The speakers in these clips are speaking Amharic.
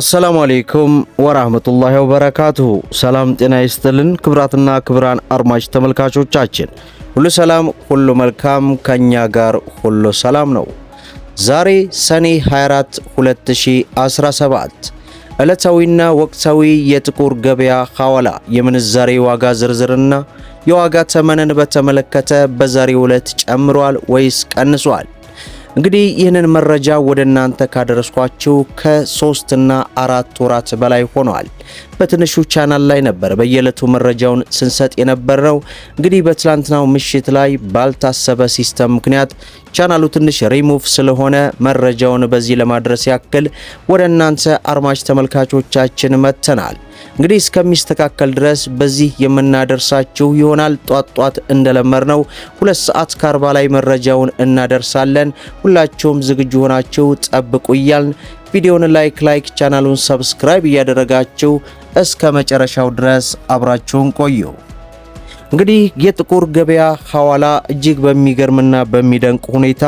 አሰላሙ አሌይኩም ወራህመቱላሂ ወበረካቱሁ። ሰላም ጤና ይስጥልን ክብራትና ክብራን አድማጭ ተመልካቾቻችን ሁሉ ሰላም ሁሉ መልካም፣ ከኛ ጋር ሁሉ ሰላም ነው። ዛሬ ሰኔ 24 2017 ዕለታዊና ወቅታዊ የጥቁር ገበያ ሐዋላ የምንዛሬ ዋጋ ዝርዝርና የዋጋ ተመንን በተመለከተ በዛሬው ዕለት ጨምሯል ወይስ ቀንሷል? እንግዲህ ይህንን መረጃ ወደ እናንተ ካደረስኳችሁ ከሶስትና አራት ወራት በላይ ሆነዋል። በትንሹ ቻናል ላይ ነበር በየዕለቱ መረጃውን ስንሰጥ ነው። እንግዲህ በትላንትናው ምሽት ላይ ባልታሰበ ሲስተም ምክንያት ቻናሉ ትንሽ ሪሙቭ ስለሆነ መረጃውን በዚህ ለማድረስ ያክል ወደ እናንተ አድማጭ ተመልካቾቻችን መጥተናል። እንግዲህ እስከሚስተካከል ድረስ በዚህ የምናደርሳችሁ ይሆናል። ጧት ጧት እንደለመር ነው ሁለት ሰዓት ከአርባ ላይ መረጃውን እናደርሳለን። ሁላችሁም ዝግጁ ሆናችሁ ጠብቁ እያልን ቪዲዮውን ላይክ ላይክ ቻናሉን ሰብስክራይብ እያደረጋችሁ እስከ መጨረሻው ድረስ አብራችሁን ቆዩ። እንግዲህ የጥቁር ገበያ ሐዋላ እጅግ በሚገርምና በሚደንቅ ሁኔታ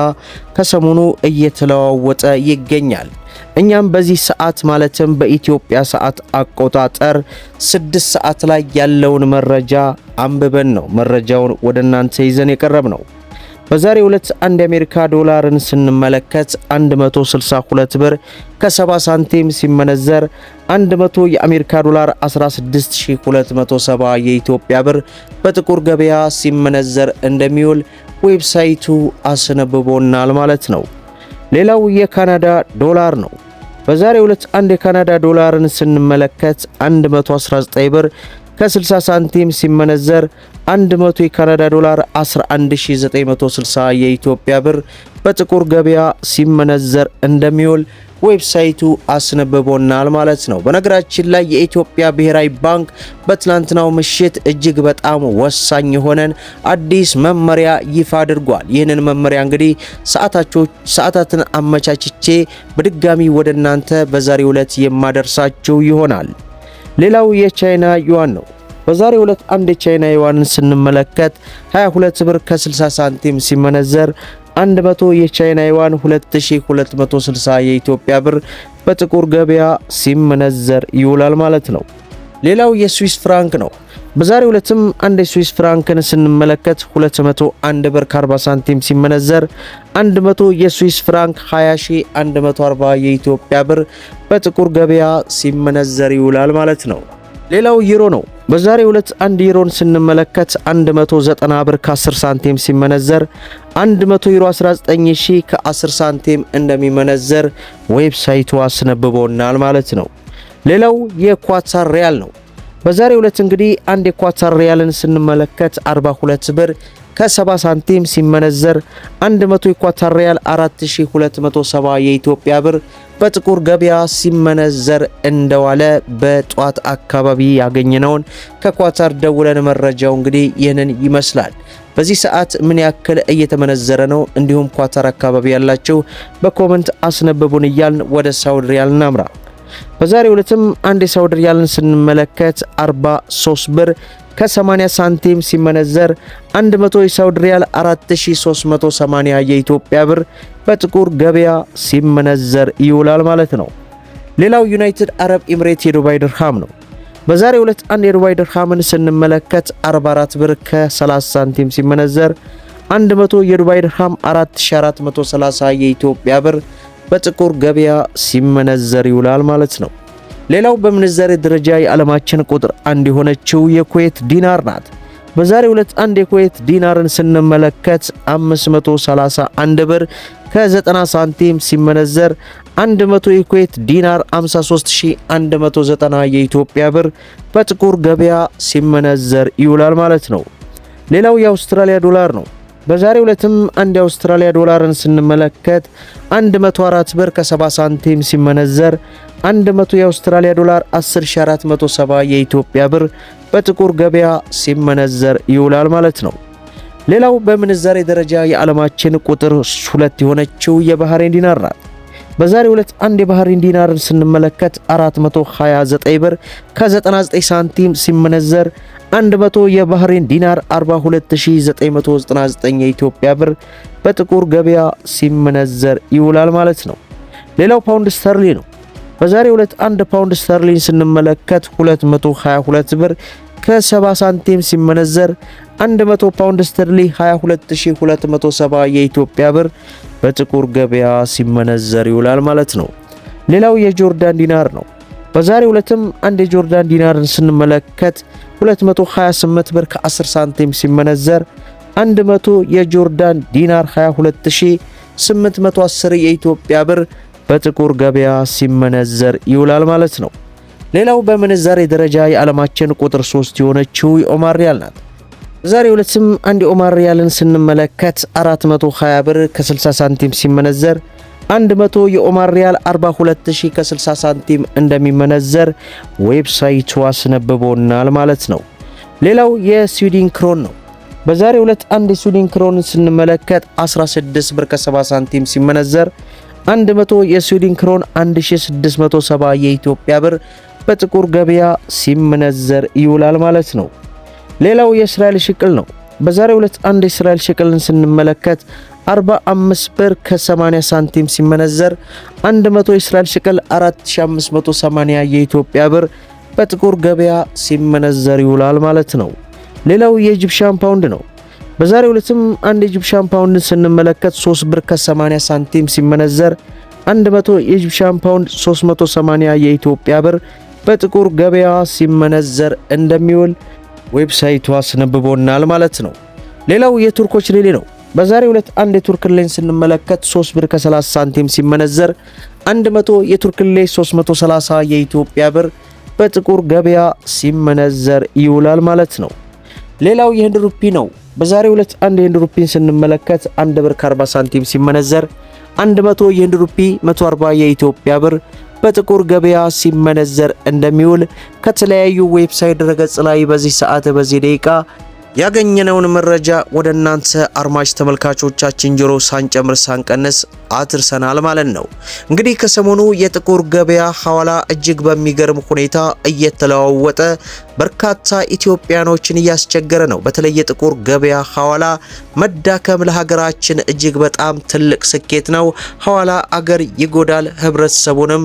ከሰሞኑ እየተለዋወጠ ይገኛል። እኛም በዚህ ሰዓት ማለትም በኢትዮጵያ ሰዓት አቆጣጠር ስድስት ሰዓት ላይ ያለውን መረጃ አንብበን ነው መረጃውን ወደ እናንተ ይዘን የቀረብ ነው። በዛሬው ዕለት አንድ የአሜሪካ ዶላርን ስንመለከት 162 ብር ከ70 ሳንቲም ሲመነዘር 100 የአሜሪካ ዶላር 16270 የኢትዮጵያ ብር በጥቁር ገበያ ሲመነዘር እንደሚውል ዌብሳይቱ አስነብቦናል ማለት ነው። ሌላው የካናዳ ዶላር ነው። በዛሬው ዕለት አንድ የካናዳ ዶላርን ስንመለከት 119 ብር ከ60 ሳንቲም ሲመነዘር 100 የካናዳ ዶላር 11960 የኢትዮጵያ ብር በጥቁር ገበያ ሲመነዘር እንደሚውል ዌብሳይቱ አስነብቦናል ማለት ነው። በነገራችን ላይ የኢትዮጵያ ብሔራዊ ባንክ በትላንትናው ምሽት እጅግ በጣም ወሳኝ የሆነን አዲስ መመሪያ ይፋ አድርጓል። ይህንን መመሪያ እንግዲህ ሰዓታትን አመቻችቼ በድጋሚ ወደ እናንተ በዛሬው ዕለት የማደርሳችሁ ይሆናል። ሌላው የቻይና ዩዋን ነው። በዛሬው ዕለት አንድ የቻይና ዩዋንን ስንመለከት 22 ብር ከ60 ሳንቲም ሲመነዘር 100 የቻይና ዩዋን 2260 የኢትዮጵያ ብር በጥቁር ገበያ ሲመነዘር ይውላል ማለት ነው። ሌላው የስዊስ ፍራንክ ነው። በዛሬ ሁለትም አንድ የስዊስ ፍራንክን ስንመለከት 201 ብር ከ40 ሳንቲም ሲመነዘር 100 የስዊስ ፍራንክ 20140 የኢትዮጵያ ብር በጥቁር ገበያ ሲመነዘር ይውላል ማለት ነው። ሌላው ዩሮ ነው። በዛሬ ሁለት አንድ ዩሮን ስንመለከት 190 ብር ከ10 ሳንቲም ሲመነዘር 100 ዩሮ 19 ሺ ከ10 ሳንቲም እንደሚመነዘር ዌብሳይቱ አስነብቦናል ማለት ነው። ሌላው የኳታር ሪያል ነው። በዛሬ ሁለት እንግዲህ አንድ የኳታር ሪያልን ስንመለከት 42 ብር ከ70 ሳንቲም ሲመነዘር 100 ኢኳታር ሪያል 4270 የኢትዮጵያ ብር በጥቁር ገበያ ሲመነዘር እንደዋለ በጧት አካባቢ ያገኘነውን ከኳታር ደውለን መረጃው እንግዲህ ይህንን ይመስላል። በዚህ ሰዓት ምን ያክል እየተመነዘረ ነው? እንዲሁም ኳታር አካባቢ ያላችሁ በኮመንት አስነብቡን እያልን ወደ ሳውዲ ሪያል እናምራ። በዛሬው ዕለትም አንድ የሳውዲ ሪያልን ስንመለከት 43 ብር ከ80 ሳንቲም ሲመነዘር 100 የሳውዲ ሪያል 4380 የኢትዮጵያ ብር በጥቁር ገበያ ሲመነዘር ይውላል ማለት ነው። ሌላው ዩናይትድ አረብ ኤምሬት የዱባይ ድርሃም ነው። በዛሬው ዕለት አንድ የዱባይ ድርሃምን ስንመለከት 44 ብር ከ30 ሳንቲም ሲመነዘር 100 የዱባይ ድርሃም 4430 የኢትዮጵያ ብር በጥቁር ገበያ ሲመነዘር ይውላል ማለት ነው። ሌላው በምንዛሬ ደረጃ የዓለማችን ቁጥር አንድ የሆነችው የኩዌት ዲናር ናት። በዛሬው ዕለት አንድ የኩዌት ዲናርን ስንመለከት 531 ብር ከ90 ሳንቲም ሲመነዘር 100 የኩዌት ዲናር 53190 የኢትዮጵያ ብር በጥቁር ገበያ ሲመነዘር ይውላል ማለት ነው። ሌላው የአውስትራሊያ ዶላር ነው። በዛሬው ዕለትም አንድ የአውስትራሊያ ዶላርን ስንመለከት 104 ብር ከ70 ሳንቲም ሲመነዘር 100 የአውስትራሊያ ዶላር 10470 የኢትዮጵያ ብር በጥቁር ገበያ ሲመነዘር ይውላል ማለት ነው። ሌላው በምንዛሬ ደረጃ የዓለማችን ቁጥር ሁለት የሆነችው የባህሬን ዲናር ናት። በዛሬው ዕለት አንድ የባህሬን ዲናር ስንመለከት 429 ብር ከ99 ሳንቲም ሲመነዘር 100 የባህሬን ዲናር 42999 የኢትዮጵያ ብር በጥቁር ገበያ ሲመነዘር ይውላል ማለት ነው። ሌላው ፓውንድ ስተርሊ ነው። በዛሬው ዕለት አንድ ፓውንድ ስተርሊን ስንመለከት 222 ብር ከ70 ሳንቲም ሲመነዘር 100 ፓውንድ ስተርሊ 22270 የኢትዮጵያ ብር በጥቁር ገበያ ሲመነዘር ይውላል ማለት ነው። ሌላው የጆርዳን ዲናር ነው። በዛሬው ዕለትም አንድ የጆርዳን ዲናርን ስንመለከት 228 ብር ከ10 ሳንቲም ሲመነዘር 100 የጆርዳን ዲናር 22810 የኢትዮጵያ ብር በጥቁር ገበያ ሲመነዘር ይውላል ማለት ነው። ሌላው በምንዛሬ ደረጃ የዓለማችን ቁጥር 3 የሆነችው የኦማር ሪያል ናት። ዛሬ ሁለትም አንድ ኦማር ሪያልን ስንመለከት 420 ብር ከ60 ሳንቲም ሲመነዘር 100 የኦማር ሪያል 42000 ከ60 ሳንቲም እንደሚመነዘር ዌብሳይቱ አስነብቦናል ማለት ነው። ሌላው የስዊድን ክሮን ነው። በዛሬ ሁለት አንድ የስዊድን ክሮን ስንመለከት 16 ብር ከ70 ሳንቲም ሲመነዘር 100 የስዊድን ክሮን 1670 የኢትዮጵያ ብር በጥቁር ገበያ ሲመነዘር ይውላል ማለት ነው። ሌላው የእስራኤል ሽቅል ነው። በዛሬው ዕለት አንድ የእስራኤል ሽቅልን ስንመለከት 45 ብር ከ80 ሳንቲም ሲመነዘር 100 የእስራኤል ሽቅል 4580 የኢትዮጵያ ብር በጥቁር ገበያ ሲመነዘር ይውላል ማለት ነው። ሌላው የኢጂፕሽያን ፓውንድ ነው። በዛሬው ዕለትም አንድ ኢጂፕሽያን ፓውንድ ስንመለከት 3 ብር ከ80 ሳንቲም ሲመነዘር 100 የኢጂፕሽያን ፓውንድ 380 የኢትዮጵያ ብር በጥቁር ገበያ ሲመነዘር እንደሚውል ዌብሳይቱ አስነብቦናል ማለት ነው። ሌላው የቱርኮች ሌሊ ነው። በዛሬው ዕለት አንድ የቱርክ ሌን ስንመለከት 3 ብር ከ30 ሳንቲም ሲመነዘር 100 የቱርክ ሌ 330 የኢትዮጵያ ብር በጥቁር ገበያ ሲመነዘር ይውላል ማለት ነው። ሌላው የህንድ ሩፒ ነው። በዛሬው ዕለት አንድ የህንድ ሩፒን ስንመለከት 1 ብር ከ40 ሳንቲም ሲመነዘር 100 የህንድ ሩፒ 140 የኢትዮጵያ ብር በጥቁር ገበያ ሲመነዘር እንደሚውል ከተለያዩ ዌብሳይት ድረገጽ ላይ በዚህ ሰዓት በዚህ ደቂቃ ያገኘነውን መረጃ ወደ እናንተ አድማጭ ተመልካቾቻችን ጆሮ ሳንጨምር ሳንቀንስ አትርሰናል ማለት ነው። እንግዲህ ከሰሞኑ የጥቁር ገበያ ሐዋላ እጅግ በሚገርም ሁኔታ እየተለዋወጠ በርካታ ኢትዮጵያኖችን እያስቸገረ ነው። በተለይ የጥቁር ገበያ ሐዋላ መዳከም ለሀገራችን እጅግ በጣም ትልቅ ስኬት ነው። ሐዋላ አገር ይጎዳል፣ ህብረተሰቡንም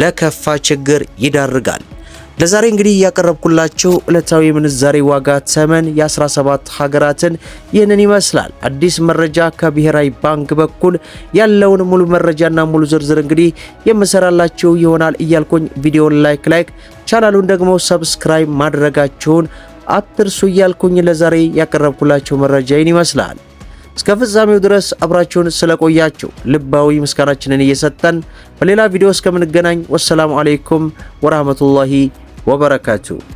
ለከፋ ችግር ይዳርጋል። ለዛሬ እንግዲህ እያቀረብኩላችሁ ዕለታዊ ምንዛሬ ዋጋ ተመን የ17 ሀገራትን ይህንን ይመስላል። አዲስ መረጃ ከብሔራዊ ባንክ በኩል ያለውን ሙሉ መረጃና ሙሉ ዝርዝር እንግዲህ የምሰራላችሁ ይሆናል እያልኩኝ ቪዲዮን ላይክ ላይክ ቻናሉን ደግሞ ሰብስክራይብ ማድረጋችሁን አትርሱ እያልኩኝ ለዛሬ ያቀረብኩላችሁ መረጃ ይህን ይመስላል። እስከ ፍጻሜው ድረስ አብራችሁን ስለቆያችሁ ልባዊ ምስጋናችንን እየሰጠን በሌላ ቪዲዮ እስከምንገናኝ ወሰላሙ አሌይኩም ወራህመቱላሂ ወበረካችሁ